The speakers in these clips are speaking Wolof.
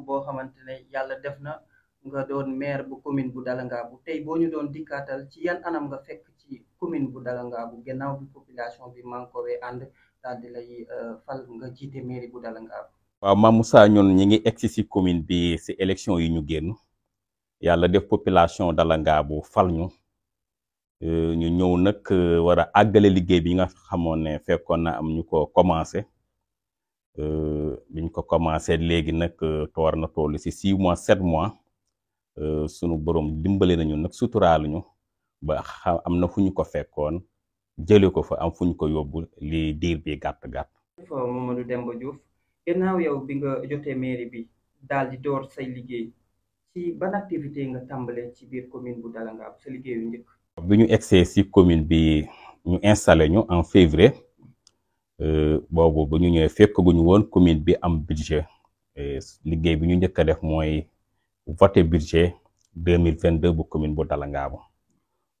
boo xamante ne yàlla def na nga doon maire bu commune bu Dalangaabu tey boo ñu doon dikkaatal ci yan anam nga fekk ci commune bu Dalangaabu gannaaw bi population bi mankowee ànd daal di lay euh, fal nga jiite mairie bu Dalangaabu waaw Mame Moussa ñun ngi egsi si commune bi si élection yi ñu génn def population Dalangaabu fal ñu euh, ñu ñëw nag euh, war a liggéey bi nga xamoon fekkoon na am ñu ko commencé Euh, biñ ko commencé léegi nag euh, toor na toll si six mois sept mois euh, sunu borom dimbale nañu nag suturaaluñu ba am na fu ñu ko fekkoon jëlee ko fa am fu ñu ko yóbbu li diir bi gàtt gàtt. dem ba Diouf gannaaw yow bi nga jotee mairie bi daal di door say liggéey ci ban activité nga tàmbalee ci biir commune bu Dalla Ngabou sa liggéeyu njëkk. bi ñu egsee si commune bi ñu installé ñu en février. Euh, bobu bu ñu ñëwee fekk gu ñu woon commune bi am budget liggéey bi ñu ñëk def moy voter budget 2022 bu commune bu Dalangaabu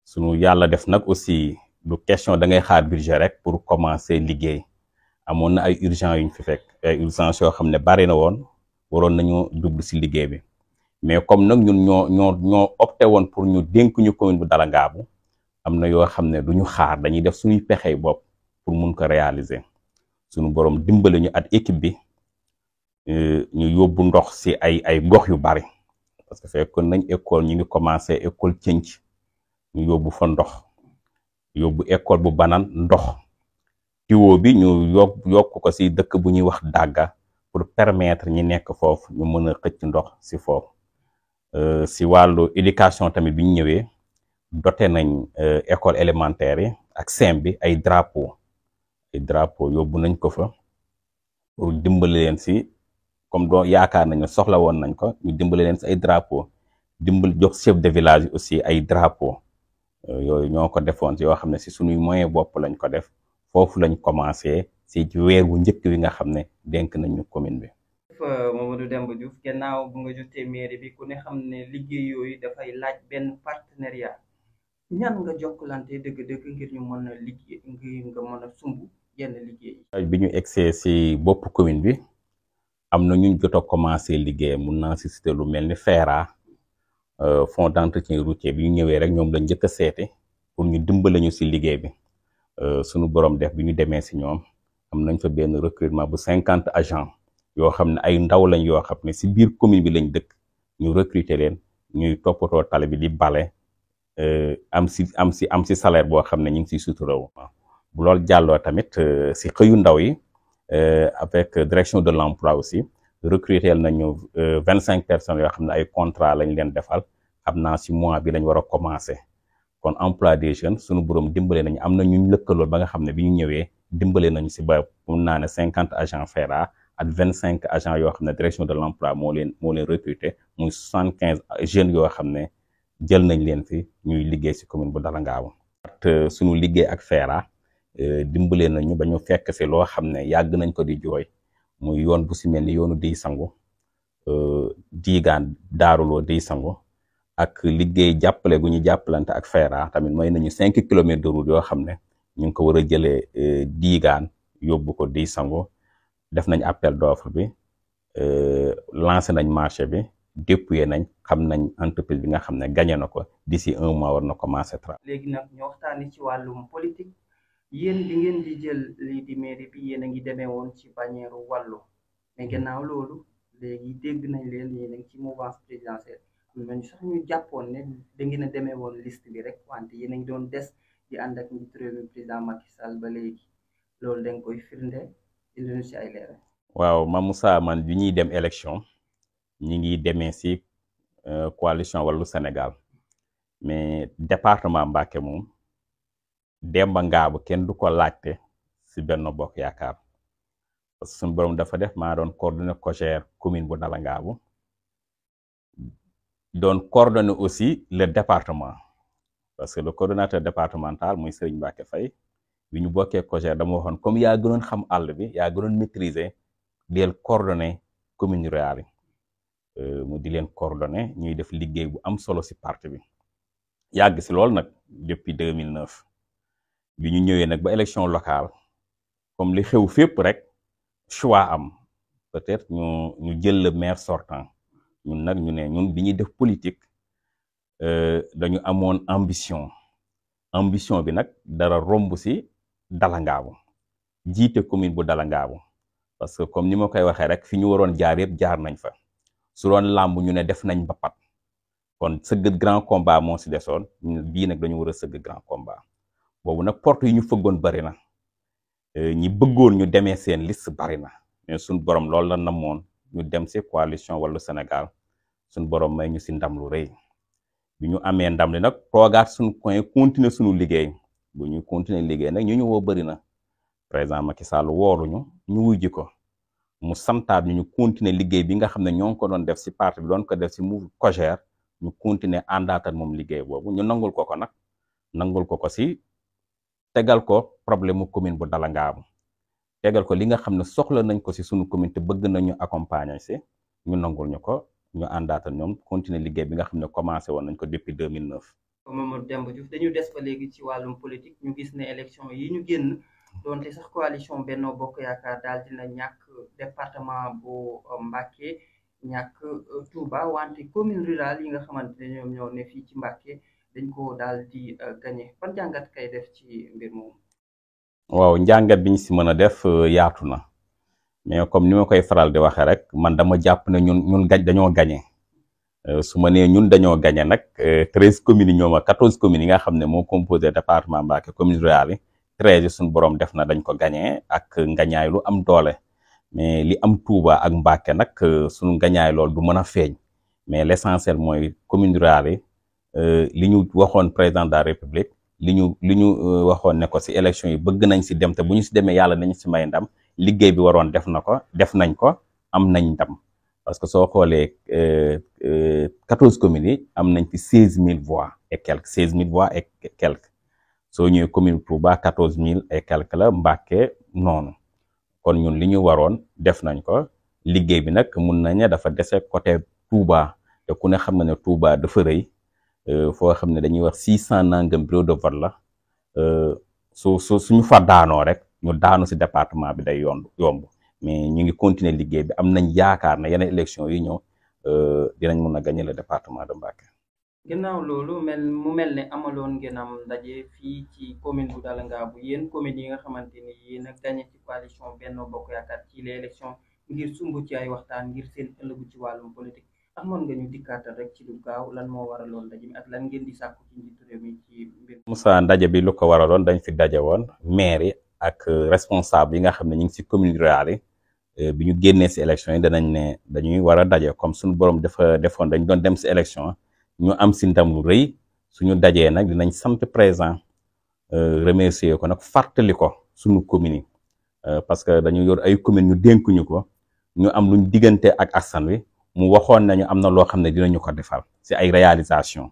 sunu yalla def nak aussi du question da ngay xaar budget rek pour commencer liggéey amone ay urgence yu ñu fi fekk ay urgence yo xamné bari na won waron nañu jublu ci liggéey bi mais comme nak ñun ño ño ño opté won pour ñu dénk ñu commune bu Dalangaabu amna yo xamné duñu xaar dañuy def suñu pexey bop pour mën ko réaliser. sunu borom dimbale ñu at équipe bi euh, ñu yóbbu ndox si ay ay gox yu bari parce que fekkoon nañ école ñu ngi commencé école cinc ñu yóbbu fa ndox yóbbu école bu banaan ndox tiwo bi ñu yokk ko si dëkk bu ñuy wax dàgga pour permettre ñi nekk foofu ñu mën a xëcc ndox si foofu euh, si wàllu éducation tamit bi ñu ñëwee doté nañ euh, école élémentaire yi ak sem ay drapeau ay drapeau yóbbu nañ ko fa pour dimbali leen si comme doo yaakaar nañu soxla woon nañ ko ñu dimbali leen si ay drapeau dimbali jox chef de village aussi ay drapeau euh, yooyu ñoo ko defoon si yoo xam ne si suñuy moyen bopp lañ ko def foofu lañ commencé si weer wu njëkk bi nga xam ne dénk nañu commune bi euh, Mamadou Demba Diouf gannaaw bu nga jotee mairie bi ku ne xam ne liggéey yooyu dafay laaj benn partenariat ñan nga jokkalante dëgg-dëgg ngir ñu mën a liggéey bi ñu egsee si bopp commune bi am na ñu jot a commencé liggéey mun naa si citer lu mel ni FERA euh, fonds d'entretien routier bi ñu ñëwee rek ñoom lañ njëkk a seeti pour ñu dimbale ñu si liggéey bi euh, sunu borom def bi ñu demee si ñoom am nañ fa benn recrutement bu cinquante agents yoo xam ne ay ndaw lañ yoo xam ne si biir commune bi lañ dëkk ñu recruter leen ñuy toppatoo tali bi di bale. Euh, am si am si am si salaire bo xamné ñing ci ngi bu lol jallo tamit ci euh, xeyu ndaw yi euh, avec direction de l'emploi aussi recruter nañu 25 personnes yo xamné ay contrat lañ leen defal xamna ci mois bi lañ wara commencer kon emploi des jeunes sunu borom dimbale nañ amna na ñu lëkkaloo ba nga xamné bi ñu ñëwee dimbale nañ ci ba mun naa ne agents FERA ak 25 agents yo xamné direction de l'emploi mo leen mo leen recruter muy 75 jeunes yo xamné jël nañ leen fi ñuy liggéey si commune bu Dala Ngaabu at suñu liggéey ak FERA euh, dimbalee nañu ba ñu fekk si loo xam ne yàgg nañ ko di jooy muy yoon bu si mel ni yoonu diy sangu euh, diigaan daaruloo di sangu ak liggéey jàppale gu ñu jàppalante ak FERA tamit may nañu cinq kilomètres de yoo xam ne ñu ngi ko war a jëlee euh, diigaan yóbbu ko di sangu def nañ appel d'offre bi lancé nañ marché bi dépouillé nañ xam nañ entreprise bi nga xam ne gagné na ko d'ici un mois war na commencé travail. léegi nag ñu waxtaanee ci wàllum politique yéen li ngeen di jël lii di mairie bi yéen a ngi demee woon ci bannièru wàllu mais mm. gannaaw loolu léegi dégg nañ leen yéen a ngi ci mouvance présidentielle am nañ sax jàppoon ne da ngeen a demee woon liste bi rek wante yéen a ngi doon des di ànd ak njiitu réew mi président Macky Sall léegi loolu da koy firnde indi ñu si ay leeral. man bi ñuy dem élection. ñi ngi demee si euh, coalition Wallu Sénégal mais département Mbacké moom Demba Ngaabu kenn du ko laajte si Benno Bokk Yaakaar parce que suñu borom dafa def maa doon coordonné COJER commune bu Dala Ngaabu doon coordonné aussi le département parce que le coordonnateur départemental muy Serigne Mbacké fay bi ñu bokkee COJER dama waxoon comme yaa gënoon xam àll bi yaa gënoon maîtriser del coordonné commune rurale yi Euh, mu di leen coordonné ñuy def liggéey bu am solo si parti bi yàgg si lool nag depuis 2009 bi ñu ñëwee nag ba élection locale comme li xew fépp rek choix am peut-être ñu ñu jël le maire sortant ñun nag ñu ne ñun bi ñuy def politique euh, dañu amoon ambition ambition bi nag dara romb si dalangaabu jiite commune bu dalangaabu parce que comme ni ma koy waxee rek fi ñu waroon jaar yëpp jaar nañ fa. su doon làmb ñu ne def nañ mbapat kon sëgg grand combat moo si desoon bii nag dañu war a sëgg grand combat boobu nag porte yi ñu fëggoon bari na e, ñi bëggoon ñu demee seen list bari na mais borom loolu la namoon ñu dem si coalition Wallu senegal suñ borom may ñu si ndam lu rey bi ñu amee ndam li nag toogaat suñ coin continuer suñu liggéey bu ñu continuer liggéey nag ñu ñu woo bari na président Macky Sall wooluñu ñu wujji ko mu samtaat ñu ñu continuer liggéey bi nga xam ne ñoo ngi ko doon def si parti bi doon ko def si mu COJER ñu continuer àndaatal moom liggéey boobu ñu nangul ko ko nag nangul ko ko si tegal ko problème mu commune bu Dalangaabu tegal ko li nga xam ne soxla nañ ko si sunu commune te bëgg nañu accompagner si ñu nangul ñu ko ñu àndaatal ñoom continuer liggéey bi nga xam ne commencé woon nañ ko depuis 2009. Mamadou Demba Diouf dañu des ba léegi ci wàllum politique yi ñu génn. doonte sax coalition Benno Bokk Yaakaar daal dina ñàkk département bu euh, Mbacké ñàkk euh, Touba wante commune rurale yi nga xamante ne ñoom ñoo ne ci Mbacké dañ ko daal di euh, gagné ban jàngat kay def ci mbir moom waaw njàngat biñ si mën a def yaatu na mais comme ni ma koy faral di waxee rek man dama jàpp ne ñun ñun gañ dañoo gañe su ma nee ñun dañoo gañe nag treize communes yi ñoom ne moo composé département Mbacké commune rurale yi 13 suñu borom def dañ ko gagner ak ngañaay lu am doole mais li am Touba ak Mbacké nak euh, du les mais l'essentiel moy commune rurale euh, les président de la république euh, ko ci yi bëgg nañ ci dem ci nañ ci may ndam bi def nako def nañ parce que 14 communes am nañ ci 16000 voix et quelques 16000 voix et quelques. soo ñëwee commune Touba quatorze mille et quelque la noonu kon ñun li ñu waroon def nañ ko liggéey bi nag mun nañu dafa dese côté Touba te ku ne xam na ne Touba dafa rëy euh, foo xam ne dañuy wax six cent nangam bureau de vote la su euh, su suñu fa daanoo rek ñu daanu si département bi day yomb yomb mais ñu ngi continuer liggéey bi am nañ yaakaar ne yeneen élection yi ñëw euh, dinañ mun a gagner le département de Mbacké ginnaaw loolu mel mu mel ne amaloon ngeen am ndaje fii ci commune bu Dalanga bu yéen commune yi nga xamante ni yéen a gagné ci coalition Benno Bokk Yaakaar ci les élections ngir sumb ci ay waxtaan ngir seen ëllëgu ci wàllum politique amoon ci lu gaaw lan moo waraloon ndaje ak lan ngeen di sàkku ci njiitu réew mi ci mbir. ndaje bi lu ko waraloon dañ fi daje woon maire yi ak responsable yi nga xam ne ñu ngi si commune rurale yi. Eh, bi ñu génnee si élection yi danañ ne dañuy war a daje comme suñu borom dafa defoon dañ doon dem si élection ñu am si ndam lu rëy suñu dajee nag dinañ sant président euh, remercier ko nag fàttali ko suñu commune euh, parce que dañu yor ay commune ñu dénkuñu ko ñu am luñ diggante ak askan wi mu waxoon nañu am na loo xam ne dinañu ko defal si ay réalisation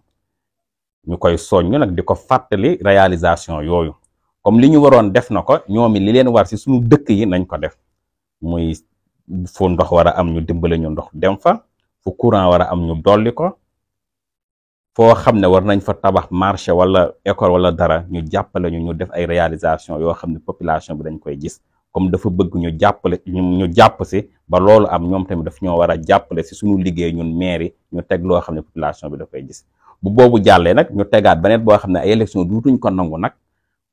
ñu koy soññ nag di ko fàttali réalisation yooyu comme li ñu waroon def na ko ñoom li leen war si suñu dëkk yi nañ ko def muy fu ndox war a am ñu dimbale ñu ndox dem fa fu courant war a am ñu dolli ko foo xam ne war nañ fa tabax marché wala école wala dara ñu jàppale ñu ñu def ay réalisation yoo xam ne population bi dañ koy gis comme dafa bëgg ñu jàppale ñu jàpp si ba loolu am ñoom tamit daf ñoo war a jàppale si suñu liggéey ñun mairie ñu teg loo xam ne population bi da koy gis bu boobu jàllee nag ñu tegaat beneen boo xam ne ay élection duutuñ ko nangu nag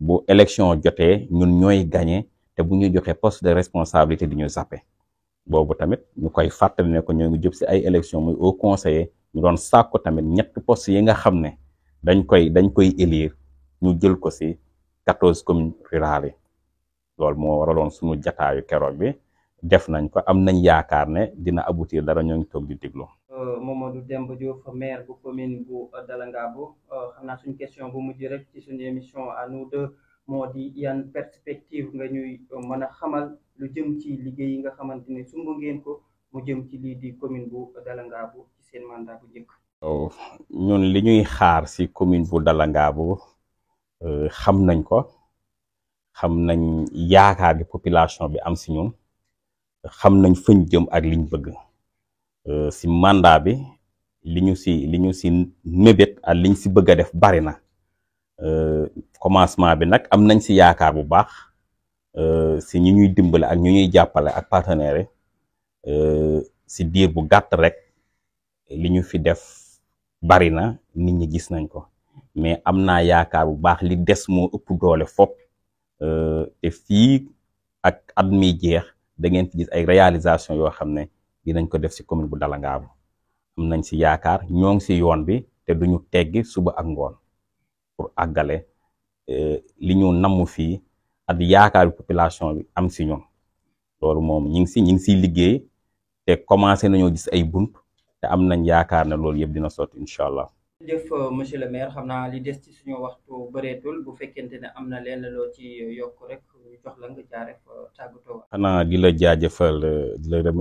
bu élection jotee ñun ñooy gagné te bu ñu joxee post de responsabilité di ñu zappe boobu tamit ñu koy fàttali ne ko ñoo ngi jub si ay élection muy au conseiller ñu doon sàkku tamit ñett poste yi nga xam ne dañ koy dañ koy élire ñu jël ko si quatorze commune rurales yi loolu moo waraloon suñu jataayu keroog bi def nañ ko am nañ yaakaar ne dina aboutir dara ñoo ngi toog di déglu. Euh, Mamadou Demba Diouf maire bu commune bu Dalangabo euh, xam naa suñu question bu mujj rek ci suñu émission à nous moo di yan perspective nga ñuy mën a xamal lu jëm ci liggéey yi nga xamante ne sumb ngeen ko. mu jëm ci lii di commune bu Dalangaabu ci seen mandat bu njëkk. waaw ñun li ñuy xaar si commune bu Dalangaabu euh, xam nañ ko xam nañ yaakaar bi population bi am si ñun xam nañ fañ jëm ak liñ bëgg si euh, mandat bi li ñu si li ñu si mébét ak liñ si bëgg a def bari na euh, commencement bi nag am nañ si yaakaar bu baax si ñi ñuy dimbale ak ñu ñuy jàppale ak partenaire Euh, si diir bu gàtt rek li ñu fi def bari na nit ñi gis nañ ko mais am naa yaakaar bu baax li des moo ëpp doole fopp euh, te fii ak at mi jeex dangeen ngeen fi gis ay réalisation yoo xam ne dinañ ko def si commune bu Dalangaabu am nañ si yaakaar ñoo ngi si yoon bi te ñu teggi suba ak ngoon pour àggale euh, li ñu namm fii ak yaakaar population bi am si ñun loolu moom ñi ngi si ñi ngi siy liggéey te commencé nañoo gis ay bunt te am nañ yaakaar ne loolu yëpp dina sotti incha allah. jëf monsieur le maire xam naa li des ci suñu waxtu bëreetul bu fekkente ne am na leen loo ci yokk rek jox la nga jaaree fa tàggatoo. xanaa di la jaajëfal di la